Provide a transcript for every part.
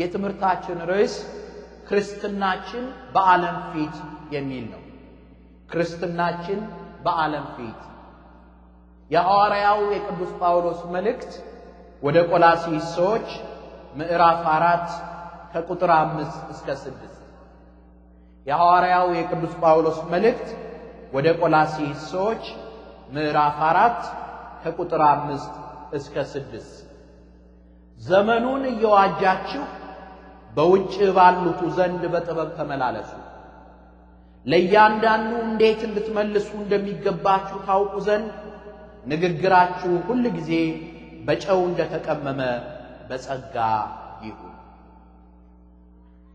የትምህርታችን ርዕስ ክርስትናችን በዓለም ፊት የሚል ነው። ክርስትናችን በዓለም ፊት የሐዋርያው የቅዱስ ጳውሎስ መልእክት ወደ ቆላሲስ ሰዎች ምዕራፍ አራት ከቁጥር አምስት እስከ ስድስት የሐዋርያው የቅዱስ ጳውሎስ መልእክት ወደ ቆላሲስ ሰዎች ምዕራፍ አራት ከቁጥር አምስት እስከ ስድስት ዘመኑን እየዋጃችሁ በውጭ ባሉቱ ዘንድ በጥበብ ተመላለሱ። ለእያንዳንዱ እንዴት እንድትመልሱ እንደሚገባችሁ ታውቁ ዘንድ ንግግራችሁ ሁል ጊዜ በጨው እንደተቀመመ በጸጋ ይሁን።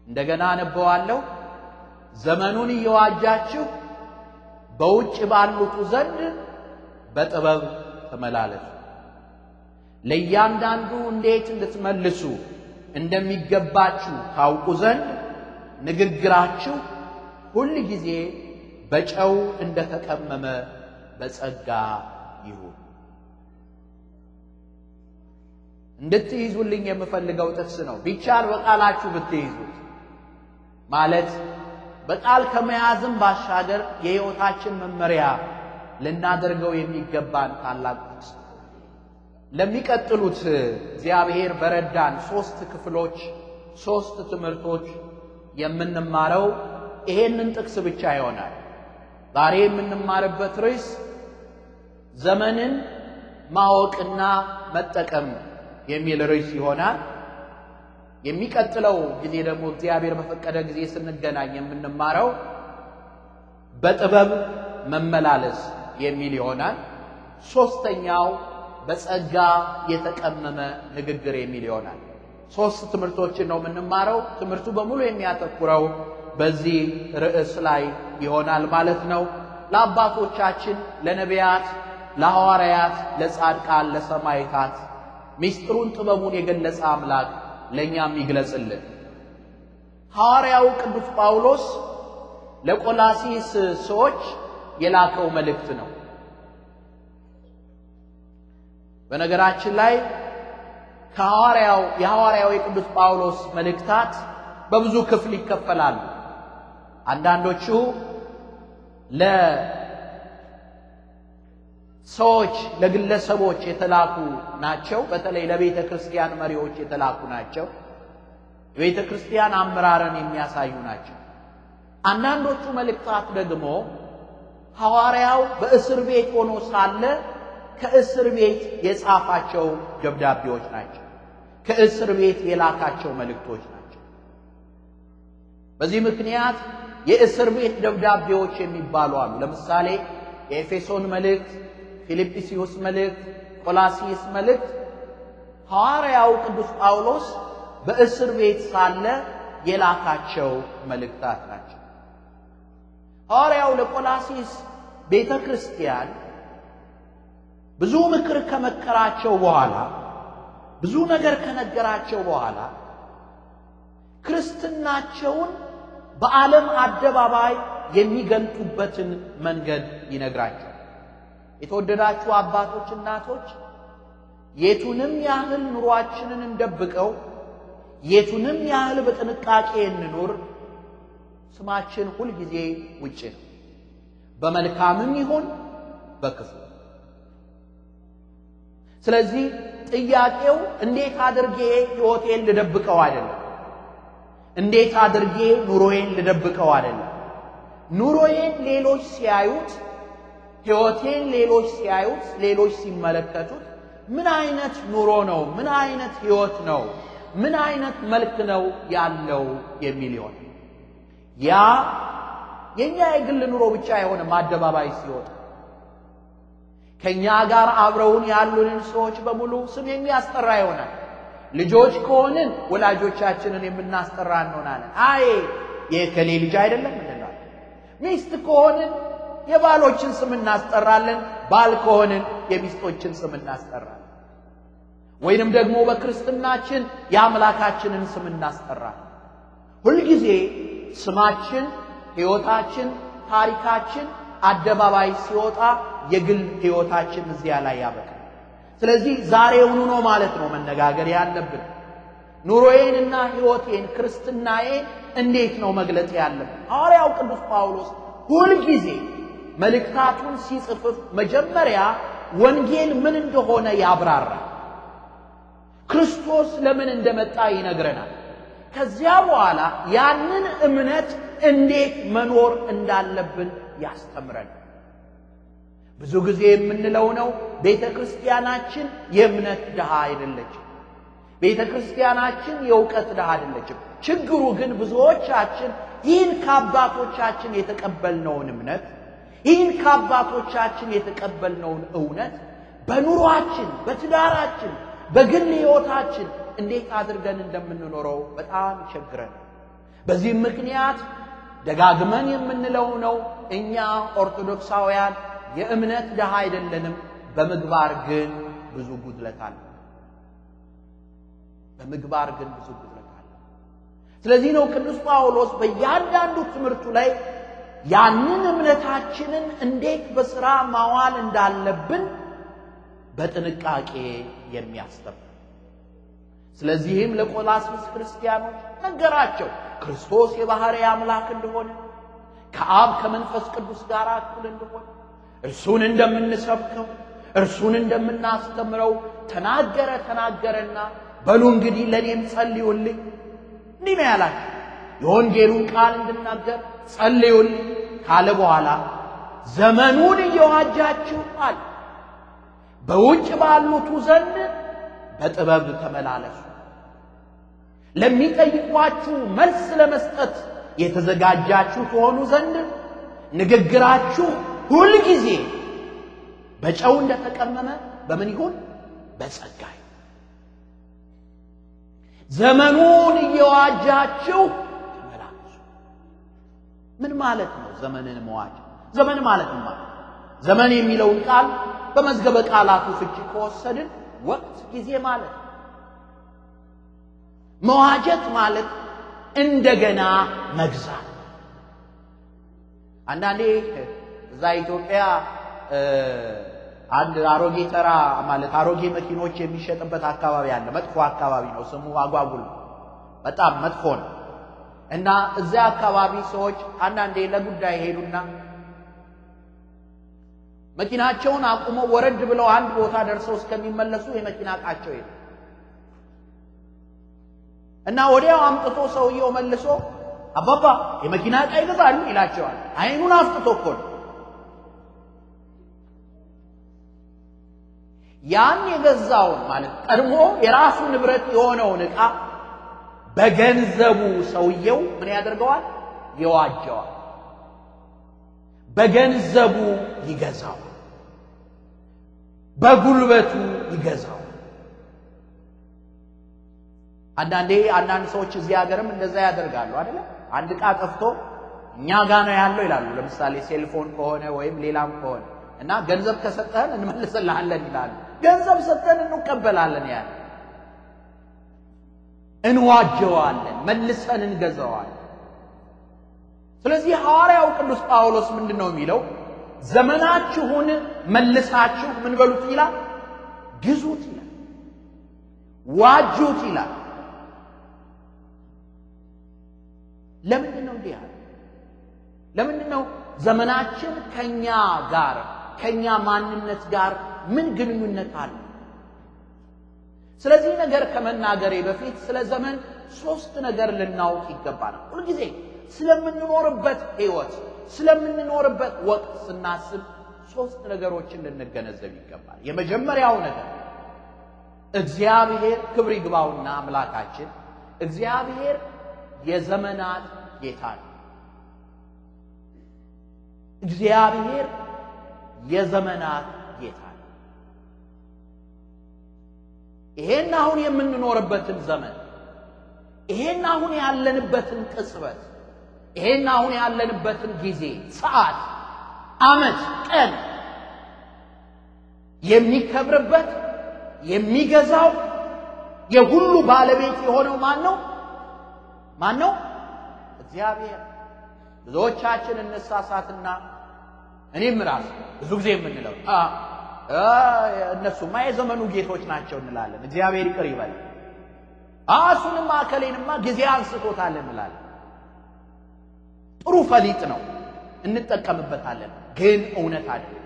እንደገና አነበዋለሁ። ዘመኑን እየዋጃችሁ በውጭ ባሉቱ ዘንድ በጥበብ ተመላለሱ። ለእያንዳንዱ እንዴት እንድትመልሱ እንደሚገባችሁ ታውቁ ዘንድ ንግግራችሁ ሁል ጊዜ በጨው እንደተቀመመ በጸጋ ይሁን። እንድትይዙልኝ የምፈልገው ጥቅስ ነው። ቢቻል በቃላችሁ ብትይዙት ማለት በቃል ከመያዝም ባሻገር የሕይወታችን መመሪያ ልናደርገው የሚገባን ታላቅ ለሚቀጥሉት እግዚአብሔር በረዳን ሶስት ክፍሎች ሶስት ትምህርቶች የምንማረው ይሄንን ጥቅስ ብቻ ይሆናል። ዛሬ የምንማርበት ርዕስ ዘመንን ማወቅና መጠቀም የሚል ርዕስ ይሆናል። የሚቀጥለው ጊዜ ደግሞ እግዚአብሔር በፈቀደ ጊዜ ስንገናኝ የምንማረው በጥበብ መመላለስ የሚል ይሆናል። ሶስተኛው በጸጋ የተቀመመ ንግግር የሚል ይሆናል። ሶስት ትምህርቶችን ነው የምንማረው። ትምህርቱ በሙሉ የሚያተኩረው በዚህ ርዕስ ላይ ይሆናል ማለት ነው። ለአባቶቻችን፣ ለነቢያት፣ ለሐዋርያት፣ ለጻድቃን፣ ለሰማይታት ሚስጥሩን ጥበቡን የገለጸ አምላክ ለእኛም ይግለጽልን። ሐዋርያው ቅዱስ ጳውሎስ ለቆላሲስ ሰዎች የላከው መልእክት ነው። በነገራችን ላይ ከሐዋርያው የሐዋርያው የቅዱስ ጳውሎስ መልእክታት በብዙ ክፍል ይከፈላሉ። አንዳንዶቹ ለሰዎች ለግለሰቦች የተላኩ ናቸው። በተለይ ለቤተ ክርስቲያን መሪዎች የተላኩ ናቸው። የቤተ ክርስቲያን አመራርን የሚያሳዩ ናቸው። አንዳንዶቹ መልእክታት ደግሞ ሐዋርያው በእስር ቤት ሆኖ ሳለ ከእስር ቤት የጻፋቸው ደብዳቤዎች ናቸው። ከእስር ቤት የላካቸው መልእክቶች ናቸው። በዚህ ምክንያት የእስር ቤት ደብዳቤዎች የሚባሉ አሉ። ለምሳሌ የኤፌሶን መልእክት፣ ፊልጵስዩስ መልእክት፣ ቆላሲስ መልእክት ሐዋርያው ቅዱስ ጳውሎስ በእስር ቤት ሳለ የላካቸው መልእክታት ናቸው። ሐዋርያው ለቆላሲስ ቤተ ክርስቲያን ብዙ ምክር ከመከራቸው በኋላ ብዙ ነገር ከነገራቸው በኋላ ክርስትናቸውን በዓለም አደባባይ የሚገልጡበትን መንገድ ይነግራቸው። የተወደዳችሁ አባቶች፣ እናቶች የቱንም ያህል ኑሯችንን እንደብቀው የቱንም ያህል በጥንቃቄ እንኑር፣ ስማችን ሁልጊዜ ውጭ ነው። በመልካምም ይሁን በክፉ ስለዚህ ጥያቄው እንዴት አድርጌ ሕይወቴን ልደብቀው አይደለም። እንዴት አድርጌ ኑሮዬን ልደብቀው አይደለም። ኑሮዬን ሌሎች ሲያዩት፣ ሕይወቴን ሌሎች ሲያዩት፣ ሌሎች ሲመለከቱት ምን አይነት ኑሮ ነው? ምን አይነት ሕይወት ነው? ምን አይነት መልክ ነው ያለው የሚል ይሆን። ያ የኛ የግል ኑሮ ብቻ አይሆንም አደባባይ ሲወጣ ከእኛ ጋር አብረውን ያሉንን ሰዎች በሙሉ ስም የሚያስጠራ ይሆናል። ልጆች ከሆንን ወላጆቻችንን የምናስጠራ እንሆናለን። አይ የከሌ ልጅ አይደለም እንላለን። ሚስት ከሆንን የባሎችን ስም እናስጠራለን። ባል ከሆንን የሚስቶችን ስም እናስጠራለን። ወይንም ደግሞ በክርስትናችን የአምላካችንን ስም እናስጠራለን። ሁልጊዜ ስማችን፣ ሕይወታችን፣ ታሪካችን አደባባይ ሲወጣ የግል ህይወታችን እዚያ ላይ ያበቃል። ስለዚህ ዛሬውኑ ነው ማለት ነው መነጋገር ያለብን። ኑሮዬንና ህይወቴን ክርስትናዬ እንዴት ነው መግለጽ ያለብን? ሐዋርያው ቅዱስ ጳውሎስ ሁልጊዜ መልእክታቱን ሲጽፍፍ መጀመሪያ ወንጌል ምን እንደሆነ ያብራራል። ክርስቶስ ለምን እንደመጣ ይነግረናል። ከዚያ በኋላ ያንን እምነት እንዴት መኖር እንዳለብን ያስተምረን። ብዙ ጊዜ የምንለው ነው፣ ቤተ ክርስቲያናችን የእምነት ድሃ አይደለችም። ቤተ ክርስቲያናችን የእውቀት ድሃ አይደለችም። ችግሩ ግን ብዙዎቻችን ይህን ከአባቶቻችን የተቀበልነውን እምነት ይህን ከአባቶቻችን የተቀበልነውን እውነት በኑሯችን፣ በትዳራችን፣ በግል ሕይወታችን እንዴት አድርገን እንደምንኖረው በጣም ቸግረን በዚህም ምክንያት ደጋግመን የምንለው ነው። እኛ ኦርቶዶክሳውያን የእምነት ድሃ አይደለንም። በምግባር ግን ብዙ ጉድለት አለ። በምግባር ግን ብዙ ጉድለት አለ። ስለዚህ ነው ቅዱስ ጳውሎስ በእያንዳንዱ ትምህርቱ ላይ ያንን እምነታችንን እንዴት በሥራ ማዋል እንዳለብን በጥንቃቄ የሚያስተምር። ስለዚህም ለቆላስይስ ክርስቲያኖች ነገራቸው። ክርስቶስ የባሕርይ አምላክ እንደሆነ ከአብ ከመንፈስ ቅዱስ ጋር እኩል እንደሆነ እርሱን እንደምንሰብከው እርሱን እንደምናስተምረው ተናገረ ተናገረና በሉ እንግዲህ ለእኔም ጸልዩልኝ እንዲህ ነው ያላቸው። የወንጌሉን ቃል እንድናገር ጸልዩልኝ ካለ በኋላ ዘመኑን እየዋጃችሁ አለ በውጭ ባሉቱ ዘንድ በጥበብ ተመላለሱ ለሚጠይቋችሁ መልስ ለመስጠት የተዘጋጃችሁ ከሆኑ ዘንድ ንግግራችሁ ጊዜ በጨው እንደተቀመመ በምን ይሁን? በጸጋ ዘመኑን እየዋጃችሁ ተመላለሱ። ምን ማለት ነው? ዘመንን መዋጅ ዘመን ማለት ነው ማለት ዘመን የሚለውን ቃል በመዝገበ ቃላቱ ፍቺ ከወሰድን ወቅት ጊዜ ማለት ነው። መዋጀት ማለት እንደገና መግዛት። አንዳንዴ እዛ ኢትዮጵያ አንድ አሮጌ ተራ ማለት አሮጌ መኪኖች የሚሸጥበት አካባቢ አለ። መጥፎ አካባቢ ነው፣ ስሙ አጓጉል ነው፣ በጣም መጥፎ ነው። እና እዚያ አካባቢ ሰዎች አንዳንዴ ለጉዳይ ሄዱና መኪናቸውን አቁመው ወረድ ብለው አንድ ቦታ ደርሰው እስከሚመለሱ የመኪና ዕቃቸው የለም። እና ወዲያው አምጥቶ ሰውየው መልሶ አባባ የመኪና ዕቃ ይገዛሉ ይላቸዋል። አይኑን አፍጥቶ እኮ ነው። ያን የገዛውን ማለት ቀድሞ የራሱ ንብረት የሆነውን ዕቃ በገንዘቡ ሰውየው ምን ያደርገዋል? ይዋጀዋል። በገንዘቡ ይገዛው፣ በጉልበቱ ይገዛው። አንዳንዴ አንዳንድ ሰዎች እዚህ ሀገርም እንደዛ ያደርጋሉ አይደለ? አንድ ዕቃ ጠፍቶ እኛ ጋ ነው ያለው ይላሉ። ለምሳሌ ሴልፎን ከሆነ ወይም ሌላም ከሆነ እና ገንዘብ ከሰጠህን እንመልስልሃለን ይላሉ። ገንዘብ ሰጠን እንቀበላለን፣ ያ እንዋጀዋለን፣ መልሰን እንገዛዋለን። ስለዚህ ሐዋርያው ቅዱስ ጳውሎስ ምንድን ነው የሚለው? ዘመናችሁን መልሳችሁ ምን በሉት ይላል፣ ግዙት ይላል፣ ዋጁት ይላል። ለምንድን ነው እንዲህ ያለ? ለምንድን ነው ዘመናችን ከኛ ጋር ከኛ ማንነት ጋር ምን ግንኙነት አለ? ስለዚህ ነገር ከመናገሬ በፊት ስለ ዘመን ሶስት ነገር ልናውቅ ይገባናል። ሁልጊዜ ስለምንኖርበት ህይወት ስለምንኖርበት ወቅት ስናስብ ሶስት ነገሮችን ልንገነዘብ ይገባል። የመጀመሪያው ነገር እግዚአብሔር ክብር ይግባውና አምላካችን እግዚአብሔር የዘመናት ጌታ ነው። እግዚአብሔር የዘመናት ጌታ ነው። ይሄን አሁን የምንኖርበትን ዘመን ይሄን አሁን ያለንበትን ቅጽበት ይሄን አሁን ያለንበትን ጊዜ፣ ሰዓት፣ ዓመት፣ ቀን የሚከብርበት የሚገዛው የሁሉ ባለቤት የሆነው ማን ነው? ማን ነው? እግዚአብሔር። ብዙዎቻችን እንሳሳትና እኔም ራሱ ብዙ ጊዜ የምንለው እነሱማ የዘመኑ ጌቶች ናቸው እንላለን። እግዚአብሔር ይቅር ይበል። እሱንማ እከሌንማ ጊዜ አንስቶታል እንላለን። ጥሩ ፈሊጥ ነው፣ እንጠቀምበታለን። ግን እውነት አይደለም።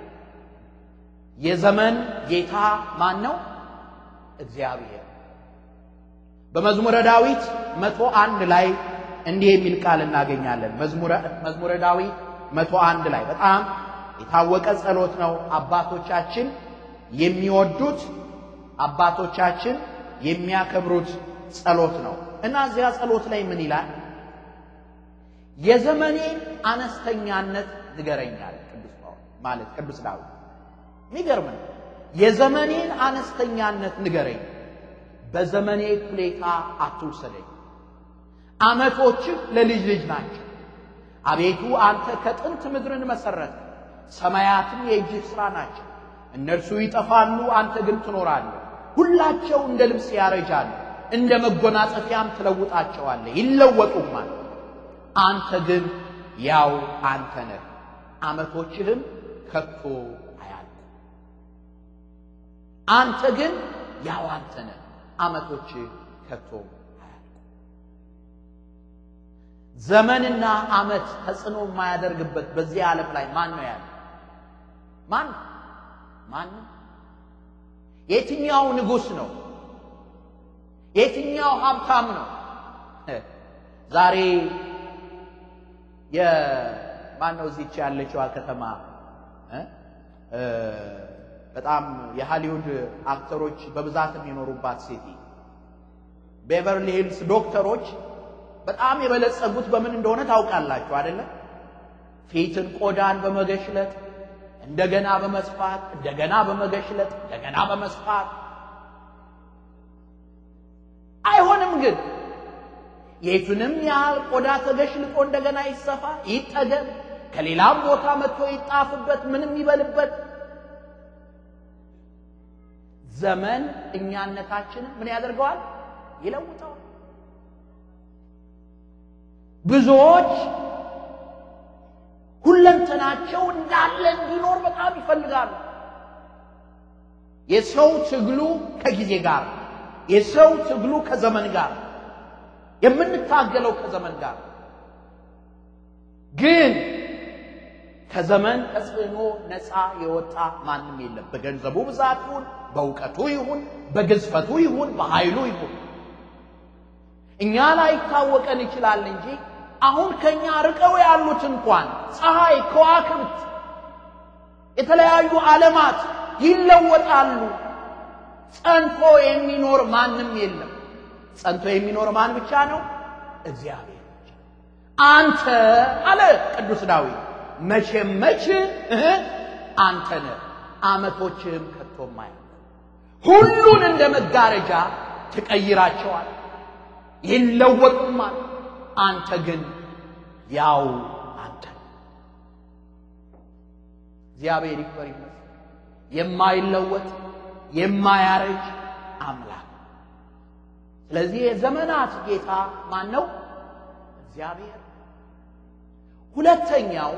የዘመን ጌታ ማን ነው? እግዚአብሔር በመዝሙረ ዳዊት መቶ አንድ ላይ እንዲህ የሚል ቃል እናገኛለን። መዝሙረ ዳዊት መቶ አንድ ላይ በጣም የታወቀ ጸሎት ነው። አባቶቻችን የሚወዱት አባቶቻችን የሚያከብሩት ጸሎት ነው እና እዚያ ጸሎት ላይ ምን ይላል? የዘመኔን አነስተኛነት ንገረኛል። ቅዱስ ማለት ቅዱስ ዳዊት የሚገርም ነው። የዘመኔን አነስተኛነት ንገረኝ በዘመኔ ሁኔታ አትውሰደኝ፣ ዓመቶችህ ለልጅ ልጅ ናቸው። አቤቱ አንተ ከጥንት ምድርን መሠረት፣ ሰማያትም የእጅህ ሥራ ናቸው። እነርሱ ይጠፋሉ፣ አንተ ግን ትኖራለህ። ሁላቸው እንደ ልብስ ያረጃሉ፣ እንደ መጎናጸፊያም ትለውጣቸዋለህ፣ ይለወጡማል። አንተ ግን ያው አንተ ነህ፣ ዓመቶችህም ከቶ አያልቁ። አንተ ግን ያው አንተ ነህ ዓመቶች ከቶ ዘመንና ዓመት ተጽዕኖ የማያደርግበት በዚህ ዓለም ላይ ማን ነው ያለ? ማን ማን? የትኛው ንጉሥ ነው? የትኛው ሀብታም ነው? ዛሬ የማን ነው እዚች ያለችዋ ከተማ በጣም የሃሊውድ አክተሮች በብዛት የሚኖሩባት ሲቲ ቤቨርሊ ሂልስ ዶክተሮች በጣም የበለጸጉት በምን እንደሆነ ታውቃላችሁ አይደለ? ፊትን ቆዳን በመገሽለጥ እንደገና በመስፋት እንደገና በመገሽለጥ እንደገና በመስፋት አይሆንም። ግን የቱንም ያህል ቆዳ ተገሽልጦ እንደገና ይሰፋ ይጠገም፣ ከሌላም ቦታ መጥቶ ይጣፍበት፣ ምንም ይበልበት ዘመን እኛነታችንን ምን ያደርገዋል? ይለውጠዋል። ብዙዎች ሁለንተናቸው እንዳለ እንዲኖር በጣም ይፈልጋሉ። የሰው ትግሉ ከጊዜ ጋር፣ የሰው ትግሉ ከዘመን ጋር፣ የምንታገለው ከዘመን ጋር ግን ከዘመን ተጽዕኖ ነፃ የወጣ ማንም የለም። በገንዘቡ ብዛት ይሁን በእውቀቱ ይሁን በግዝፈቱ ይሁን በኃይሉ ይሁን እኛ ላይ ይታወቀን ይችላል እንጂ አሁን ከኛ ርቀው ያሉት እንኳን ፀሐይ፣ ከዋክብት፣ የተለያዩ ዓለማት ይለወጣሉ። ጸንቶ የሚኖር ማንም የለም። ጸንቶ የሚኖር ማን ብቻ ነው? እግዚአብሔር ብቻ። አንተ አለ ቅዱስ ዳዊት መቼም መች አንተ ነህ፣ ዓመቶችህም ከቶ የማያልቅ ሁሉን እንደ መጋረጃ ትቀይራቸዋል፣ ይለወጡማል። አንተ ግን ያው አንተ። እግዚአብሔር ይክበር ይመስል የማይለወጥ የማያረጅ አምላክ። ስለዚህ የዘመናት ጌታ ማን ነው? እግዚአብሔር። ሁለተኛው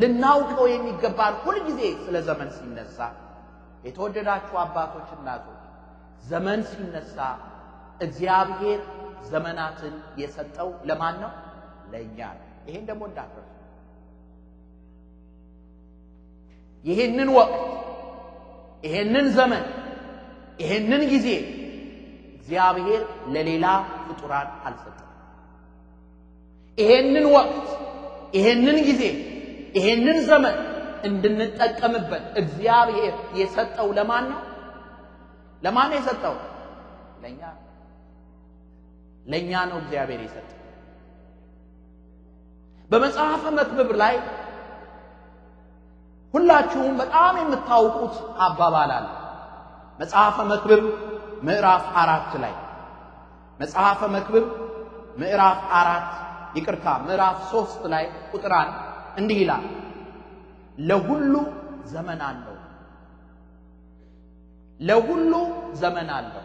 ልናውቀው የሚገባን ሁልጊዜ ስለ ዘመን ሲነሳ የተወደዳችሁ አባቶች፣ እናቶች ዘመን ሲነሳ እግዚአብሔር ዘመናትን የሰጠው ለማን ነው? ለእኛ ነው። ይሄን ደግሞ እንዳትረሱ። ይሄንን ወቅት፣ ይሄንን ዘመን፣ ይሄንን ጊዜ እግዚአብሔር ለሌላ ፍጡራን አልሰጠም። ይሄንን ወቅት፣ ይሄንን ጊዜ፣ ይሄንን ዘመን እንድንጠቀምበት እግዚአብሔር የሰጠው ለማን ነው? ለማን ነው የሰጠው? ለእኛ ለእኛ ነው እግዚአብሔር የሰጠው። በመጽሐፈ መክብብ ላይ ሁላችሁም በጣም የምታውቁት አባባል አለ። መጽሐፈ መክብብ ምዕራፍ አራት ላይ መጽሐፈ መክብብ ምዕራፍ አራት ይቅርታ፣ ምዕራፍ ሶስት ላይ ቁጥራን እንዲህ ይላል ለሁሉ ዘመን አለው። ለሁሉ ዘመን አለው።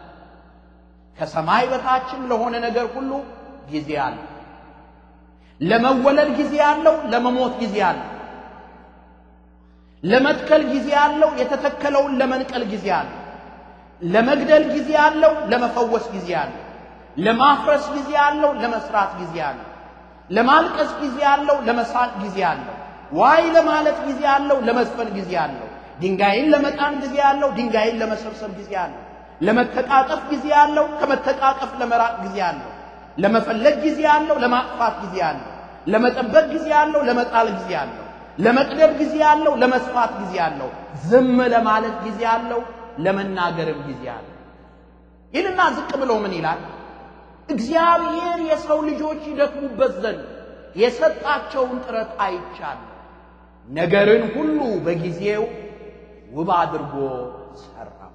ከሰማይ በታችም ለሆነ ነገር ሁሉ ጊዜ አለው። ለመወለድ ጊዜ አለው። ለመሞት ጊዜ አለው። ለመትከል ጊዜ አለው። የተተከለውን ለመንቀል ጊዜ አለው። ለመግደል ጊዜ አለው። ለመፈወስ ጊዜ አለው። ለማፍረስ ጊዜ አለው። ለመስራት ጊዜ አለው። ለማልቀስ ጊዜ አለው። ለመሳቅ ጊዜ አለው። ዋይ ለማለት ጊዜ አለው፣ ለመዝፈን ጊዜ አለው። ድንጋይን ለመጣን ጊዜ አለው፣ ድንጋይን ለመሰብሰብ ጊዜ አለው። ለመተቃቀፍ ጊዜ አለው፣ ከመተቃቀፍ ለመራቅ ጊዜ አለው። ለመፈለግ ጊዜ አለው፣ ለማጥፋት ጊዜ አለው። ለመጠበቅ ጊዜ አለው፣ ለመጣል ጊዜ አለው። ለመቅደም ጊዜ አለው፣ ለመስፋት ጊዜ አለው። ዝም ለማለት ጊዜ አለው፣ ለመናገርም ጊዜ አለው። ይህንና ዝቅ ብሎ ምን ይላል? እግዚአብሔር የሰው ልጆች ይደክሙበት ዘንድ የሰጣቸውን ጥረት አይቻለሁ። ነገርን ሁሉ በጊዜው ውብ አድርጎ ሰራው።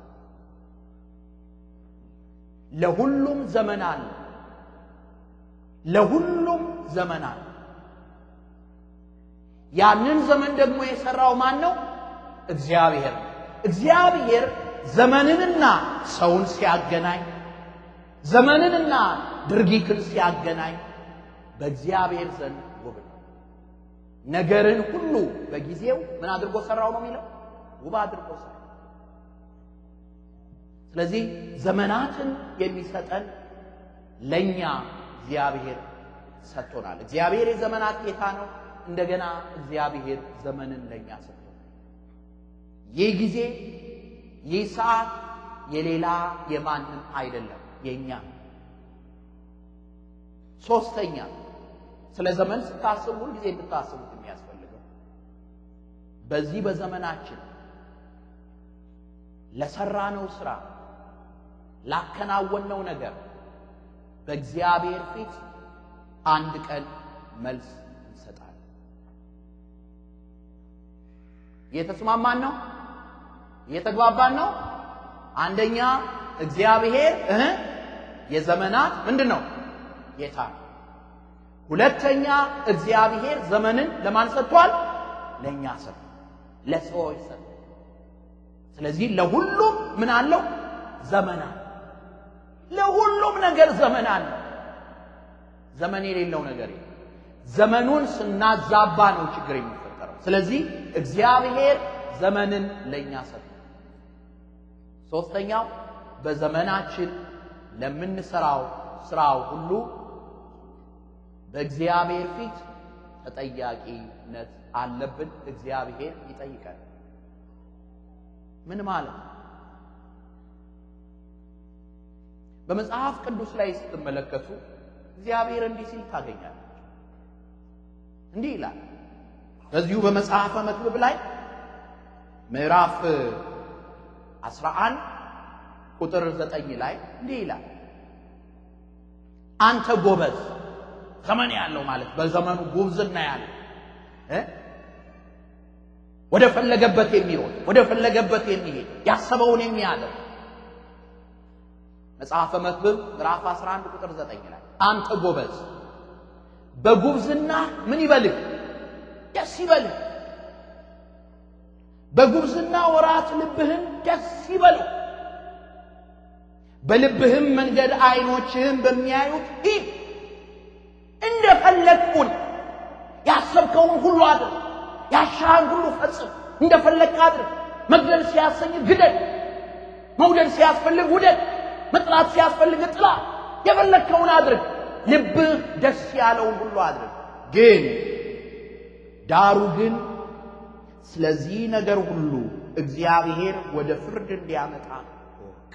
ለሁሉም ዘመን አለ። ለሁሉም ዘመን አለ። ያንን ዘመን ደግሞ የሰራው ማን ነው? እግዚአብሔር እግዚአብሔር ዘመንንና ሰውን ሲያገናኝ፣ ዘመንንና ድርጊትን ሲያገናኝ በእግዚአብሔር ዘንድ ነገርን ሁሉ በጊዜው ምን አድርጎ ሰራው ነው የሚለው ውብ አድርጎ ሰራ። ስለዚህ ዘመናትን የሚሰጠን ለኛ እግዚአብሔር ሰጥቶናል። እግዚአብሔር የዘመናት ጌታ ነው። እንደገና እግዚአብሔር ዘመንን ለኛ ሰጥቶናል። ይህ ጊዜ ይህ ሰዓት የሌላ የማንም አይደለም የእኛ ሶስተኛ ስለ ዘመን ስታስቡ ሁልጊዜ እንድታስቡት በዚህ በዘመናችን ለሰራነው ስራ ላከናወነው ነገር በእግዚአብሔር ፊት አንድ ቀን መልስ እንሰጣለን። እየተስማማን ነው? እየተግባባን ነው? አንደኛ እግዚአብሔር እህ የዘመናት ምንድን ነው ጌታ። ሁለተኛ እግዚአብሔር ዘመንን ለማን ሰጥቷል? ለእኛ ሰጥቷል። ለሰዎች ሰጠ። ስለዚህ ለሁሉም ምን አለው? ዘመን አለ። ለሁሉም ነገር ዘመን አለ። ዘመን የሌለው ነገር የለም። ዘመኑን ስናዛባ ነው ችግር የሚፈጠረው። ስለዚህ እግዚአብሔር ዘመንን ለእኛ ሰጠ። ሶስተኛው በዘመናችን ለምንሰራው ስራው ሁሉ በእግዚአብሔር ፊት ተጠያቂነት አለብን። እግዚአብሔር ይጠይቃል። ምን ማለት ነው? በመጽሐፍ ቅዱስ ላይ ስትመለከቱ እግዚአብሔር እንዲህ ሲል ታገኛለች። እንዲህ ይላል በዚሁ በመጽሐፈ መክብብ ላይ ምዕራፍ 11 ቁጥር 9 ላይ እንዲህ ይላል አንተ ጎበዝ ዘመን ያለው ማለት በዘመኑ ጉብዝና ያለው ወደ ፈለገበት የሚሆን ወደ ፈለገበት የሚሄድ ያሰበውን የሚያደርግ መጽሐፈ መክብብ ምዕራፍ 11 ቁጥር 9 ላይ አንተ ጎበዝ በጉብዝና ምን ይበልህ ደስ ይበልህ። በጉብዝና ወራት ልብህን ደስ ይበለው። በልብህም መንገድ አይኖችህም በሚያዩት እንደ እንደፈለግኩን ያሰብከውን ሁሉ አድርግ። ያሻህን ሁሉ ፈጽም፣ እንደፈለግ አድርግ። መግደል ሲያሰኝ ግደል፣ መውደድ ሲያስፈልግ ውደድ፣ መጥላት ሲያስፈልግ ጥላ። የፈለግከውን አድርግ፣ ልብህ ደስ ያለውን ሁሉ አድርግ። ግን ዳሩ ግን ስለዚህ ነገር ሁሉ እግዚአብሔር ወደ ፍርድ እንዲያመጣ እወቅ።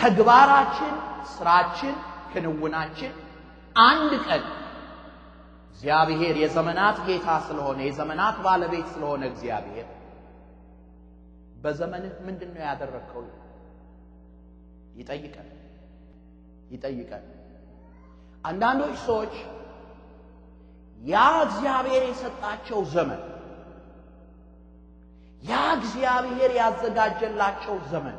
ተግባራችን፣ ስራችን፣ ክንውናችን አንድ ቀን እግዚአብሔር የዘመናት ጌታ ስለሆነ የዘመናት ባለቤት ስለሆነ እግዚአብሔር በዘመንህ ምንድን ነው ያደረግከው? ይጠይቀን ይጠይቀን። አንዳንዶች ሰዎች ያ እግዚአብሔር የሰጣቸው ዘመን ያ እግዚአብሔር ያዘጋጀላቸው ዘመን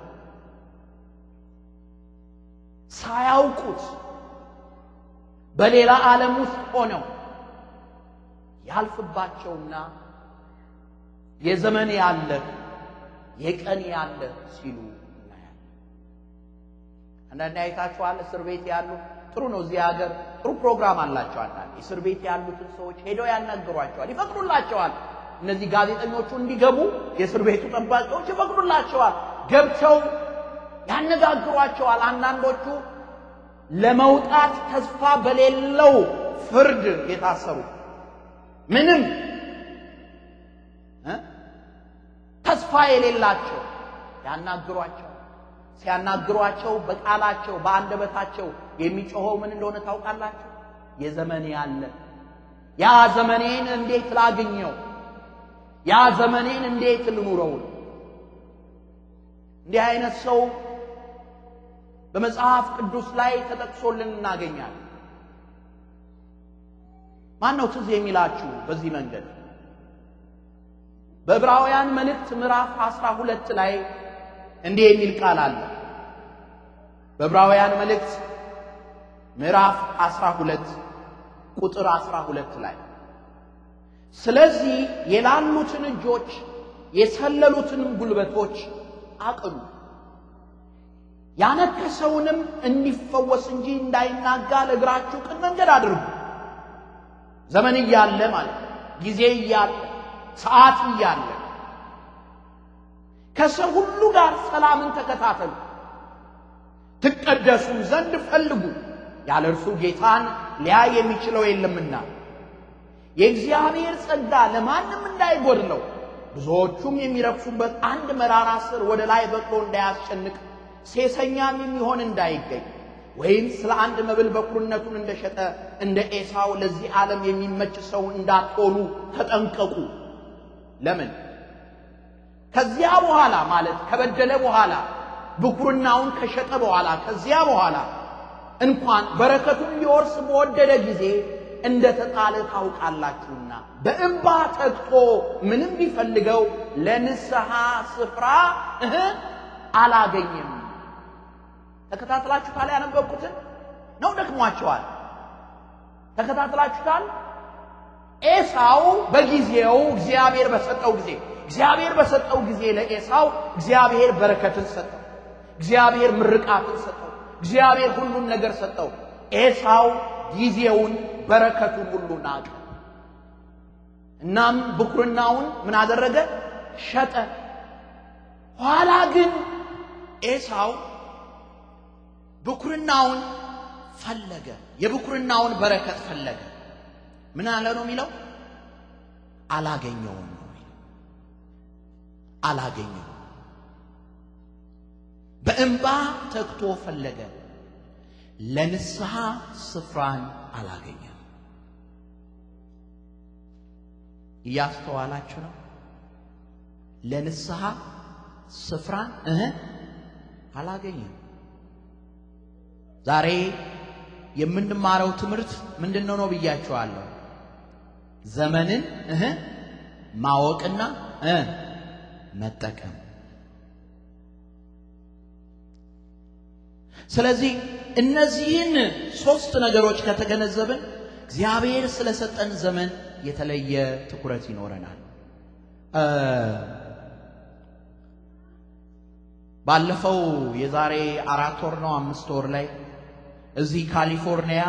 ሳያውቁት በሌላ ዓለም ውስጥ ሆነው ያልፍባቸውና የዘመን ያለ የቀን ያለ ሲሉ እናያለን። አንዳንድ አይታችኋል። እስር ቤት ያሉ ጥሩ ነው። እዚህ ሀገር ጥሩ ፕሮግራም አላቸው። አንዳንድ እስር ቤት ያሉትን ሰዎች ሄደው ያናገሯቸዋል፣ ይፈቅዱላቸዋል። እነዚህ ጋዜጠኞቹ እንዲገቡ የእስር ቤቱ ጠባቂዎች ይፈቅዱላቸዋል። ገብተው ያነጋግሯቸዋል። አንዳንዶቹ ለመውጣት ተስፋ በሌለው ፍርድ የታሰሩት ምንም ተስፋ የሌላቸው ያናግሯቸው። ሲያናግሯቸው በቃላቸው በአንደበታቸው የሚጮኸው ምን እንደሆነ ታውቃላችሁ? የዘመኔ አለ ያ ዘመኔን እንዴት ላግኘው? ያ ዘመኔን እንዴት ልኑረው? እንዲህ አይነት ሰው በመጽሐፍ ቅዱስ ላይ ተጠቅሶልን እናገኛለን። ማን ነው ትዝ የሚላችሁ በዚህ መንገድ? በዕብራውያን መልእክት ምዕራፍ አስራ ሁለት ላይ እንዲህ የሚል ቃል አለ። በዕብራውያን መልእክት ምዕራፍ አስራ ሁለት ቁጥር አስራ ሁለት ላይ ስለዚህ የላሉትን እጆች የሰለሉትንም ጉልበቶች አቅኑ፣ ያነከሰውንም እንዲፈወስ እንጂ እንዳይናጋ ለእግራችሁ ቅን መንገድ አድርጉ ዘመን እያለ ማለት ጊዜ እያለ ሰዓት እያለ ከሰው ሁሉ ጋር ሰላምን ተከታተሉ፣ ትቀደሱ ዘንድ ፈልጉ። ያለ እርሱ ጌታን ሊያይ የሚችለው የለምና የእግዚአብሔር ጸጋ ለማንም እንዳይጎድለው ብዙዎቹም የሚረክሱበት አንድ መራራ ስር ወደ ላይ በቅሎ እንዳያስጨንቅ ሴሰኛም የሚሆን እንዳይገኝ ወይም ስለ አንድ መብል በኩርነቱን እንደሸጠ እንደ ኤሳው ለዚህ ዓለም የሚመች ሰው እንዳትሆኑ ተጠንቀቁ። ለምን ከዚያ በኋላ ማለት ከበደለ በኋላ ብኩርናውን ከሸጠ በኋላ ከዚያ በኋላ እንኳን በረከቱን ሊወርስ በወደደ ጊዜ እንደ ተጣለ ታውቃላችሁና በእንባ ተግቶ ምንም ቢፈልገው ለንስሐ ስፍራ አላገኘም። ተከታትላችሁታል? ያነበብኩትን ነው ደክሟቸዋል። ተከታትላችሁታል? ኤሳው በጊዜው እግዚአብሔር በሰጠው ጊዜ እግዚአብሔር በሰጠው ጊዜ ለኤሳው እግዚአብሔር በረከትን ሰጠው። እግዚአብሔር ምርቃትን ሰጠው። እግዚአብሔር ሁሉን ነገር ሰጠው። ኤሳው ጊዜውን፣ በረከቱን ሁሉ ናቀ። እናም ብኩርናውን ምን አደረገ? ሸጠ። ኋላ ግን ኤሳው ብኩርናውን ፈለገ። የብኩርናውን በረከት ፈለገ። ምን አለ ነው የሚለው? አላገኘውም ነው አላገኘውም። በእንባ ተክቶ ፈለገ፣ ለንስሐ ስፍራን አላገኘም። እያስተዋላችሁ ነው። ለንስሐ ስፍራን እህ አላገኘም። ዛሬ የምንማረው ትምህርት ምንድነው ነው ብያችኋለሁ። ዘመንን እህ ማወቅና እ መጠቀም። ስለዚህ እነዚህን ሶስት ነገሮች ከተገነዘብን እግዚአብሔር ስለሰጠን ዘመን የተለየ ትኩረት ይኖረናል። ባለፈው የዛሬ አራት ወር ነው አምስት ወር ላይ እዚህ ካሊፎርኒያ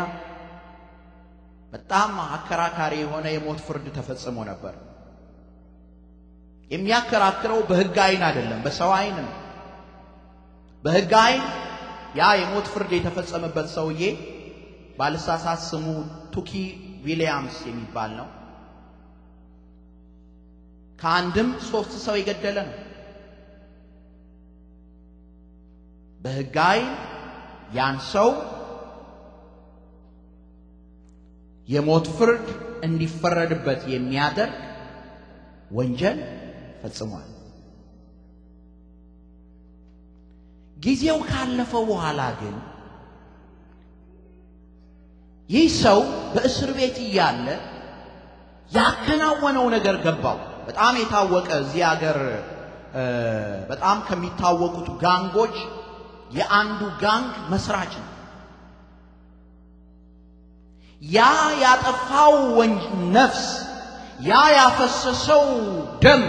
በጣም አከራካሪ የሆነ የሞት ፍርድ ተፈጽሞ ነበር። የሚያከራክረው በሕግ አይን አይደለም፣ በሰው አይን ነው። በሕግ አይን ያ የሞት ፍርድ የተፈጸመበት ሰውዬ ባልሳሳት ስሙ ቱኪ ዊሊያምስ የሚባል ነው። ከአንድም ሶስት ሰው የገደለ ነው። በሕግ አይን ያን ሰው የሞት ፍርድ እንዲፈረድበት የሚያደርግ ወንጀል ፈጽሟል። ጊዜው ካለፈ በኋላ ግን ይህ ሰው በእስር ቤት እያለ ያከናወነው ነገር ገባው። በጣም የታወቀ እዚህ አገር በጣም ከሚታወቁት ጋንጎች የአንዱ ጋንግ መስራች ነው። ያ ያጠፋው ነፍስ ያ ያፈሰሰው ደም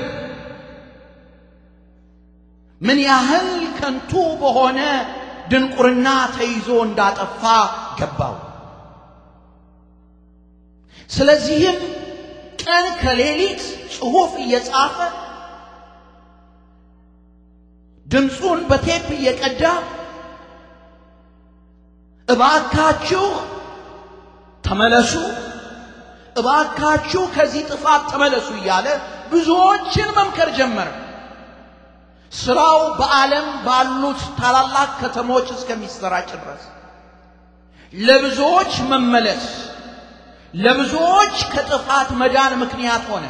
ምን ያህል ከንቱ በሆነ ድንቁርና ተይዞ እንዳጠፋ ገባው። ስለዚህም ቀን ከሌሊት ጽሑፍ እየጻፈ ድምፁን በቴፕ እየቀዳ እባካችሁ ተመለሱ፣ እባካችሁ ከዚህ ጥፋት ተመለሱ እያለ ብዙዎችን መምከር ጀመረ። ስራው በዓለም ባሉት ታላላቅ ከተሞች እስከሚሰራጭ ድረስ ለብዙዎች መመለስ ለብዙዎች ከጥፋት መዳን ምክንያት ሆነ።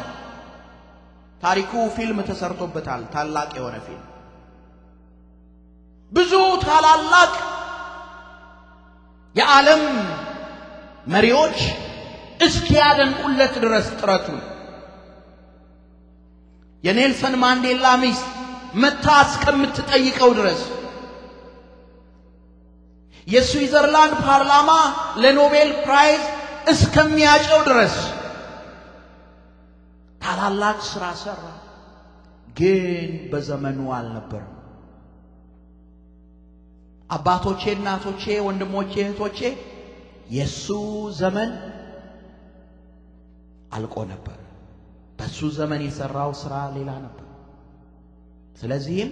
ታሪኩ ፊልም ተሰርቶበታል፣ ታላቅ የሆነ ፊልም። ብዙ ታላላቅ የዓለም መሪዎች እስኪያደንቁለት ድረስ ጥረቱን የኔልሰን ማንዴላ ሚስት መታ እስከምትጠይቀው ድረስ የስዊዘርላንድ ፓርላማ ለኖቤል ፕራይዝ እስከሚያጨው ድረስ ታላላቅ ስራ ሰራ። ግን በዘመኑ አልነበረም። አባቶቼ፣ እናቶቼ፣ ወንድሞቼ፣ እህቶቼ የእሱ ዘመን አልቆ ነበር። በሱ ዘመን የሰራው ስራ ሌላ ነበር። ስለዚህም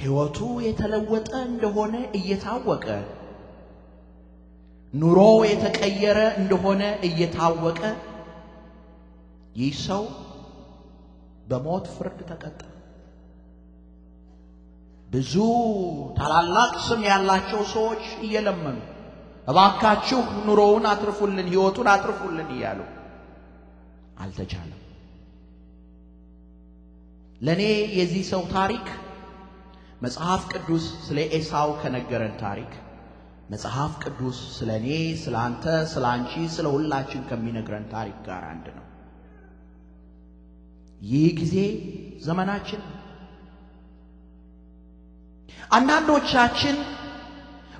ህይወቱ የተለወጠ እንደሆነ እየታወቀ ኑሮ የተቀየረ እንደሆነ እየታወቀ ይህ ሰው በሞት ፍርድ ተቀጣ። ብዙ ታላላቅ ስም ያላቸው ሰዎች እየለመኑ እባካችሁ ኑሮውን አትርፉልን፣ ህይወቱን አትርፉልን እያሉ አልተቻለም። ለእኔ የዚህ ሰው ታሪክ መጽሐፍ ቅዱስ ስለ ኤሳው ከነገረን ታሪክ መጽሐፍ ቅዱስ ስለ እኔ፣ ስለ አንተ፣ ስለ አንቺ፣ ስለ ሁላችን ከሚነግረን ታሪክ ጋር አንድ ነው። ይህ ጊዜ ዘመናችን አንዳንዶቻችን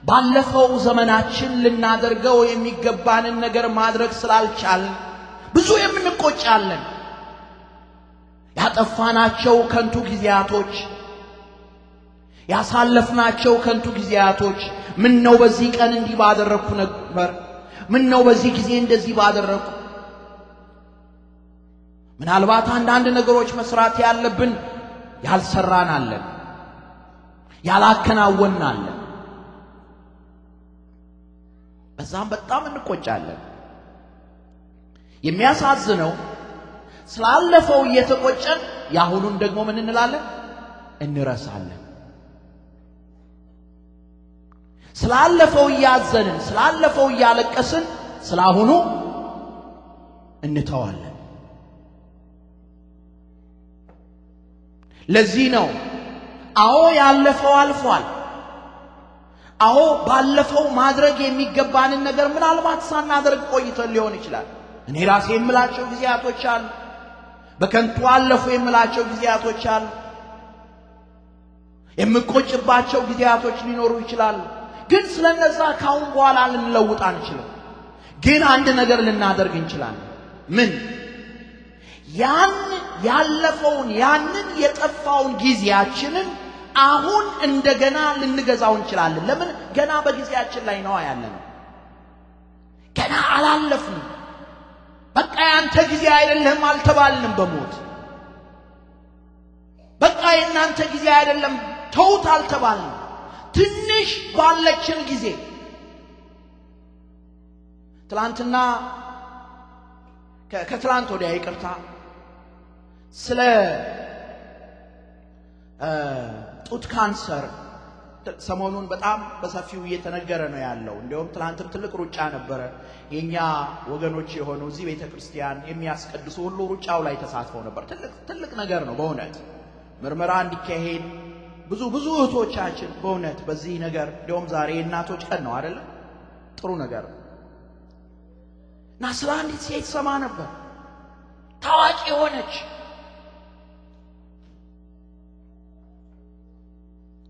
ባለፈው ዘመናችን ልናደርገው የሚገባንን ነገር ማድረግ ስላልቻል ብዙ የምንቆጫለን። ያጠፋናቸው ከንቱ ጊዜያቶች፣ ያሳለፍናቸው ከንቱ ጊዜያቶች፣ ምን ነው በዚህ ቀን እንዲህ ባደረግኩ ነበር፣ ምን ነው በዚህ ጊዜ እንደዚህ ባደረግኩ። ምናልባት አንዳንድ ነገሮች መስራት ያለብን ያልሰራናለን፣ ያላከናወናለን በዛም በጣም እንቆጫለን። የሚያሳዝነው ስላለፈው እየተቆጨን የአሁኑን ደግሞ ምን እንላለን? እንረሳለን። ስላለፈው እያዘንን፣ ስላለፈው እያለቀስን ስላሁኑ እንተዋለን። ለዚህ ነው አዎ ያለፈው አልፏል አዎ ባለፈው ማድረግ የሚገባንን ነገር ምናልባት ሳናደርግ ቆይተን ሊሆን ይችላል። እኔ ራሴ የምላቸው ጊዜያቶች አሉ። በከንቱ አለፉ የምላቸው ጊዜያቶች አሉ። የምቆጭባቸው ጊዜያቶች ሊኖሩ ይችላሉ። ግን ስለነዛ ካሁን በኋላ ልንለውጥ አንችልም። ግን አንድ ነገር ልናደርግ እንችላለን። ምን? ያን ያለፈውን ያንን የጠፋውን ጊዜያችንን አሁን እንደገና ልንገዛው እንችላለን። ለምን? ገና በጊዜያችን ላይ ነዋ ያለን ገና አላለፍንም። በቃ የአንተ ጊዜ አይደለም አልተባልንም በሞት በቃ የእናንተ ጊዜ አይደለም ተውት አልተባልንም። ትንሽ ባለችን ጊዜ ትላንትና ከትላንት ወዲያ ይቅርታ ስለ ጡት ካንሰር ሰሞኑን በጣም በሰፊው እየተነገረ ነው ያለው። እንዲሁም ትናንትም ትልቅ ሩጫ ነበረ። የእኛ ወገኖች የሆኑ እዚህ ቤተ ክርስቲያን የሚያስቀድሱ ሁሉ ሩጫው ላይ ተሳትፈው ነበር። ትልቅ ነገር ነው በእውነት ምርመራ እንዲካሄድ ብዙ ብዙ እህቶቻችን በእውነት በዚህ ነገር እንዲሁም ዛሬ የእናቶች ቀን ነው አይደለም? ጥሩ ነገር ነው እና ስለ አንዲት ሴት ሰማ ነበር ታዋቂ የሆነች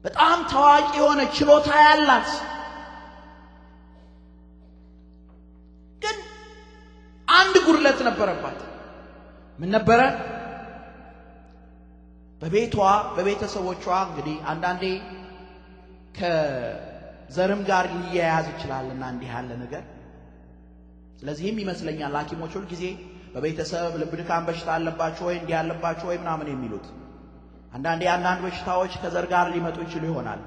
በጣም ታዋቂ የሆነ ችሎታ ያላት ግን አንድ ጉድለት ነበረባት። ምን ነበረ? በቤቷ በቤተሰቦቿ እንግዲህ አንዳንዴ ከዘርም ጋር ሊያያዝ ይችላልና እንዲህ ያለ ነገር። ስለዚህም ይመስለኛል ሐኪሞች ሁልጊዜ በቤተሰብ ልብ ድካም በሽታ አለባቸው ወይ እንዲህ ያለባቸው ወይ ምናምን የሚሉት አንዳንዴ አንዳንድ በሽታዎች ከዘር ጋር ሊመጡ ይችሉ ይሆናል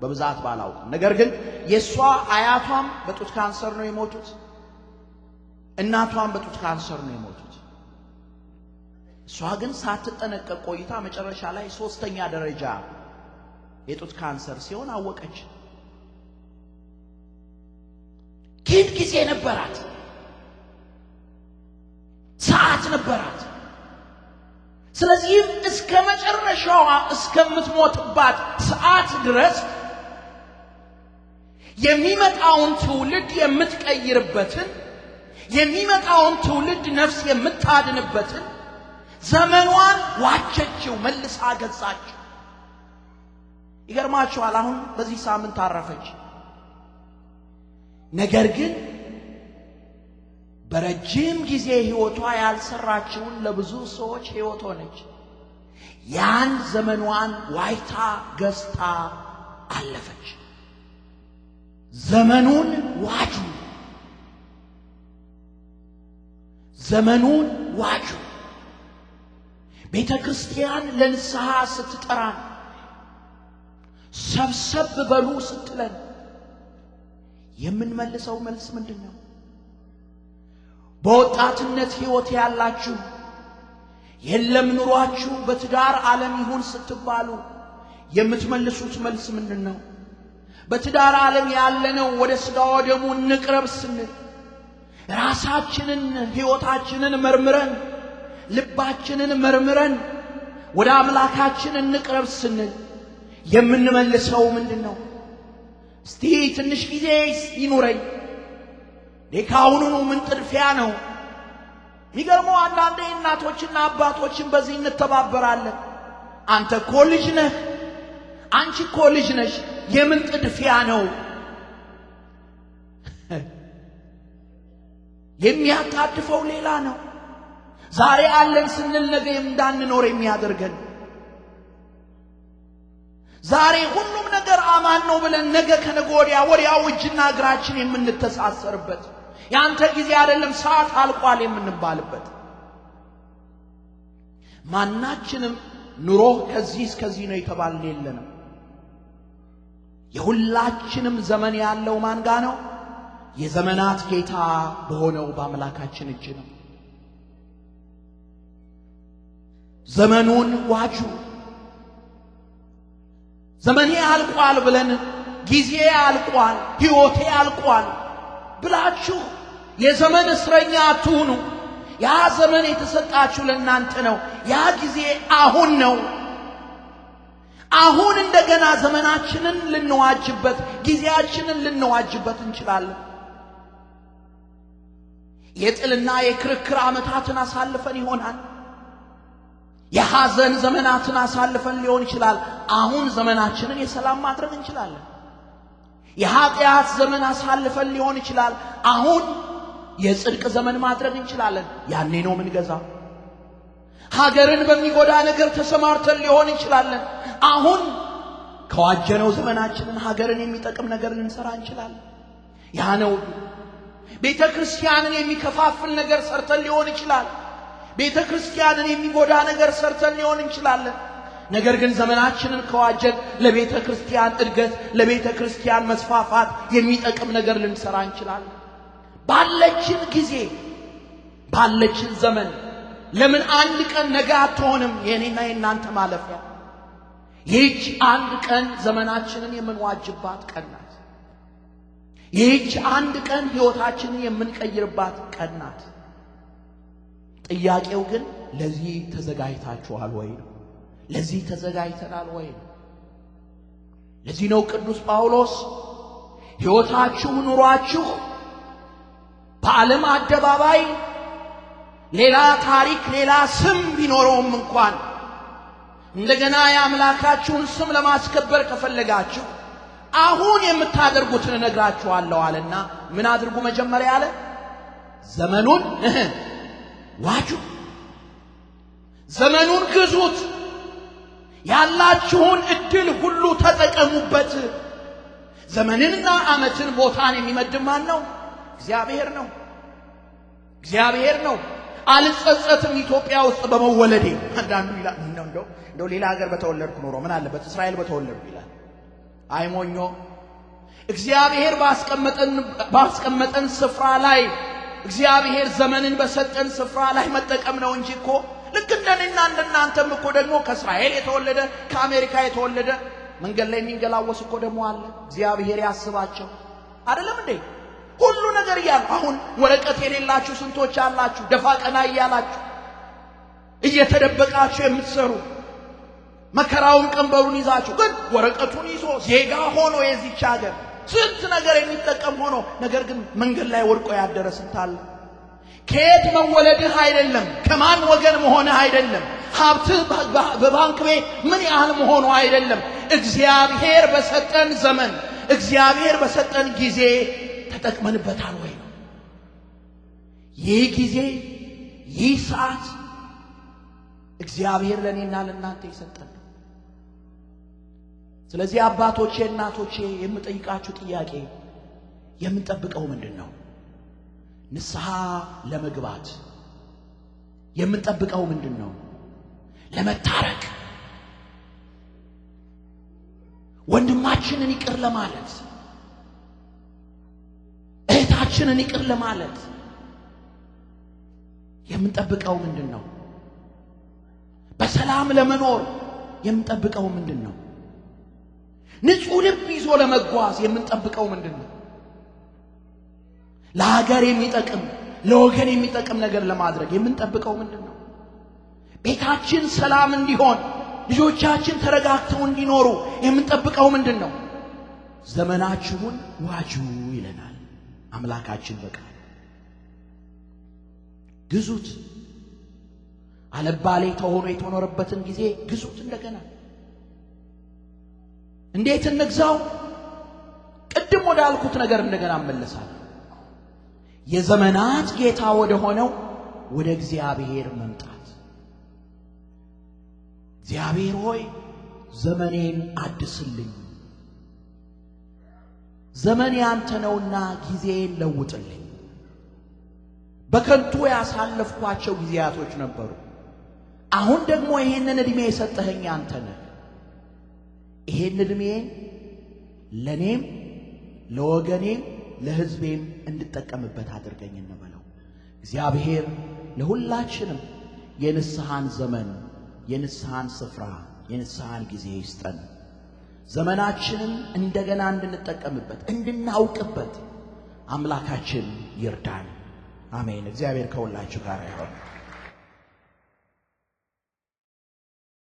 በብዛት ባላውቅም። ነገር ግን የእሷ አያቷም በጡት ካንሰር ነው የሞቱት፣ እናቷም በጡት ካንሰር ነው የሞቱት። እሷ ግን ሳትጠነቀቅ ቆይታ መጨረሻ ላይ ሶስተኛ ደረጃ የጡት ካንሰር ሲሆን አወቀች። ኪን ጊዜ ነበራት፣ ሰዓት ነበራት። ስለዚህ እስከ መጨረሻዋ እስከምትሞትባት ሰዓት ድረስ የሚመጣውን ትውልድ የምትቀይርበትን የሚመጣውን ትውልድ ነፍስ የምታድንበትን ዘመኗን ዋጀችው፣ መልሳ ገዛችው። ይገርማችኋል። አሁን በዚህ ሳምንት አረፈች። ነገር ግን በረጅም ጊዜ ህይወቷ ያልሰራችውን ለብዙ ሰዎች ህይወት ሆነች። ያን ዘመኗን ዋይታ ገዝታ አለፈች። ዘመኑን ዋጁ፣ ዘመኑን ዋጁ። ቤተ ክርስቲያን ለንስሐ ስትጠራን፣ ሰብሰብ በሉ ስትለን የምንመልሰው መልስ ምንድን ነው? በወጣትነት ሕይወት ያላችሁ የለም ኑሯችሁ በትዳር ዓለም ይሁን ስትባሉ የምትመልሱት መልስ ምንድን ነው? በትዳር ዓለም ያለነው ወደ ሥጋው ደሙ እንቅረብ ስንል ራሳችንን ሕይወታችንን መርምረን ልባችንን መርምረን ወደ አምላካችን እንቅረብ ስንል የምንመልሰው ምንድን ነው? እስቲ ትንሽ ጊዜ ይኑረኝ ካሁኑኑ ምን ጥድፊያ ነው? የሚገርመው አንዳንዴ እናቶችና አባቶችን በዚህ እንተባበራለን። አንተ እኮ ልጅ ነህ፣ አንቺ እኮ ልጅ ነሽ፣ የምን ጥድፊያ ነው? የሚያታድፈው ሌላ ነው። ዛሬ አለን ስንል ነገ እንዳንኖር የሚያደርገን ዛሬ ሁሉም ነገር አማን ነው ብለን ነገ ከነገ ወዲያ ወዲያው እጅና እግራችን የምንተሳሰርበት ያንተ ጊዜ አይደለም፣ ሰዓት አልቋል የምንባልበት ማናችንም ኑሮ ከዚህ እስከዚህ ነው የተባልን የለንም። የሁላችንም ዘመን ያለው ማንጋ ነው? የዘመናት ጌታ በሆነው በአምላካችን እጅ ነው። ዘመኑን ዋጁ። ዘመኔ አልቋል ብለን ጊዜ አልቋል፣ ህይወቴ አልቋል ብላችሁ የዘመን እስረኛ አትሁኑ። ያ ዘመን የተሰጣችሁ ለእናንተ ነው። ያ ጊዜ አሁን ነው። አሁን እንደገና ዘመናችንን ልንዋጅበት፣ ጊዜያችንን ልንዋጅበት እንችላለን። የጥልና የክርክር ዓመታትን አሳልፈን ይሆናል። የሐዘን ዘመናትን አሳልፈን ሊሆን ይችላል። አሁን ዘመናችንን የሰላም ማድረግ እንችላለን። የኃጢአት ዘመን አሳልፈን ሊሆን ይችላል። አሁን የጽድቅ ዘመን ማድረግ እንችላለን። ያኔ ነው ምንገዛው። ሀገርን በሚጎዳ ነገር ተሰማርተን ሊሆን እንችላለን። አሁን ከዋጀነው ዘመናችንን ሀገርን የሚጠቅም ነገር ልንሰራ እንችላለን። ያ ነው። ቤተ ክርስቲያንን የሚከፋፍል ነገር ሰርተን ሊሆን ይችላል። ቤተ ክርስቲያንን የሚጎዳ ነገር ሰርተን ሊሆን እንችላለን። ነገር ግን ዘመናችንን ከዋጀን ለቤተ ክርስቲያን እድገት፣ ለቤተ ክርስቲያን መስፋፋት የሚጠቅም ነገር ልንሰራ እንችላለን። ባለችን ጊዜ ባለችን ዘመን ለምን አንድ ቀን ነገ አትሆንም? የእኔና የእናንተ ማለፊያ ይህች አንድ ቀን ዘመናችንን የምንዋጅባት ቀን ናት። ይህች አንድ ቀን ሕይወታችንን የምንቀይርባት ቀን ናት። ጥያቄው ግን ለዚህ ተዘጋጅታችኋል ወይ ነው። ለዚህ ተዘጋጅተናል ወይ? ለዚህ ነው ቅዱስ ጳውሎስ ሕይወታችሁ፣ ኑሯችሁ በዓለም አደባባይ ሌላ ታሪክ፣ ሌላ ስም ቢኖረውም እንኳን እንደገና የአምላካችሁን ስም ለማስከበር ከፈለጋችሁ አሁን የምታደርጉትን እነግራችኋለሁ አለና ምን አድርጉ? መጀመሪያ አለ ዘመኑን ዋጁ፣ ዘመኑን ግዙት። ያላችሁን እድል ሁሉ ተጠቀሙበት። ዘመንንና ዓመትን ቦታን የሚመድብ ማን ነው? እግዚአብሔር ነው። እግዚአብሔር ነው። አልጸጸትም ኢትዮጵያ ውስጥ በመወለዴ። አንዳንዱ ይላል እንደው እንደው ሌላ ሀገር በተወለድኩ ኖሮ ምን አለበት እስራኤል በተወለድኩ ይላል። አይሞኞ እግዚአብሔር ባስቀመጠን ስፍራ ላይ እግዚአብሔር ዘመንን በሰጠን ስፍራ ላይ መጠቀም ነው እንጂ እኮ ልክ እንደኔና እንደናንተም እኮ ደግሞ ከእስራኤል የተወለደ ከአሜሪካ የተወለደ መንገድ ላይ የሚንገላወስ እኮ ደግሞ አለ። እግዚአብሔር ያስባቸው አይደለም እንዴ? ሁሉ ነገር እያሉ አሁን ወረቀት የሌላችሁ ስንቶች አላችሁ? ደፋ ቀና እያላችሁ እየተደበቃችሁ የምትሰሩ መከራውን ቀንበሩን ይዛችሁ ግን ወረቀቱን ይዞ ዜጋ ሆኖ የዚች ሀገር ስንት ነገር የሚጠቀም ሆኖ ነገር ግን መንገድ ላይ ወድቆ ያደረ ስንት አለ? ከየት መወለድህ አይደለም፣ ከማን ወገን መሆንህ አይደለም፣ ሀብትህ በባንክ ቤት ምን ያህል መሆኑ አይደለም። እግዚአብሔር በሰጠን ዘመን እግዚአብሔር በሰጠን ጊዜ ተጠቅመንበታል ወይ ነው? ይህ ጊዜ ይህ ሰዓት እግዚአብሔር ለእኔና ለእናንተ የሰጠን ነው። ስለዚህ አባቶቼ፣ እናቶቼ የምጠይቃችሁ ጥያቄ የምንጠብቀው ምንድን ነው? ንስሐ ለመግባት የምንጠብቀው ምንድን ነው? ለመታረቅ፣ ወንድማችንን ይቅር ለማለት፣ እህታችንን ይቅር ለማለት የምንጠብቀው ምንድን ነው? በሰላም ለመኖር የምንጠብቀው ምንድን ነው? ንጹሕ ልብ ይዞ ለመጓዝ የምንጠብቀው ምንድን ነው? ለሀገር የሚጠቅም ለወገን የሚጠቅም ነገር ለማድረግ የምንጠብቀው ምንድን ነው? ቤታችን ሰላም እንዲሆን ልጆቻችን ተረጋግተው እንዲኖሩ የምንጠብቀው ምንድን ነው? ዘመናችሁን ዋጁ ይለናል አምላካችን በቃል ግዙት። አለባሌ ተሆኖ የተኖረበትን ጊዜ ግዙት እንደገና። እንዴት እንግዛው? ቅድም ወዳልኩት ነገር እንደገና እመለሳለሁ። የዘመናት ጌታ ወደ ሆነው ወደ እግዚአብሔር መምጣት። እግዚአብሔር ሆይ ዘመኔን አድስልኝ፣ ዘመን ያንተ ነውና ጊዜን ለውጥልኝ። በከንቱ ያሳለፍኳቸው ጊዜያቶች ነበሩ። አሁን ደግሞ ይሄንን ዕድሜ የሰጠኸኝ አንተ ነህ። ይሄን ዕድሜ ለኔም ለወገኔም ለሕዝቤም እንድጠቀምበት አድርገኝ እንበለው። እግዚአብሔር ለሁላችንም የንስሐን ዘመን፣ የንስሐን ስፍራ፣ የንስሐን ጊዜ ይስጠን። ዘመናችንን እንደገና እንድንጠቀምበት፣ እንድናውቅበት አምላካችን ይርዳን። አሜን። እግዚአብሔር ከሁላችሁ ጋር ይሆን።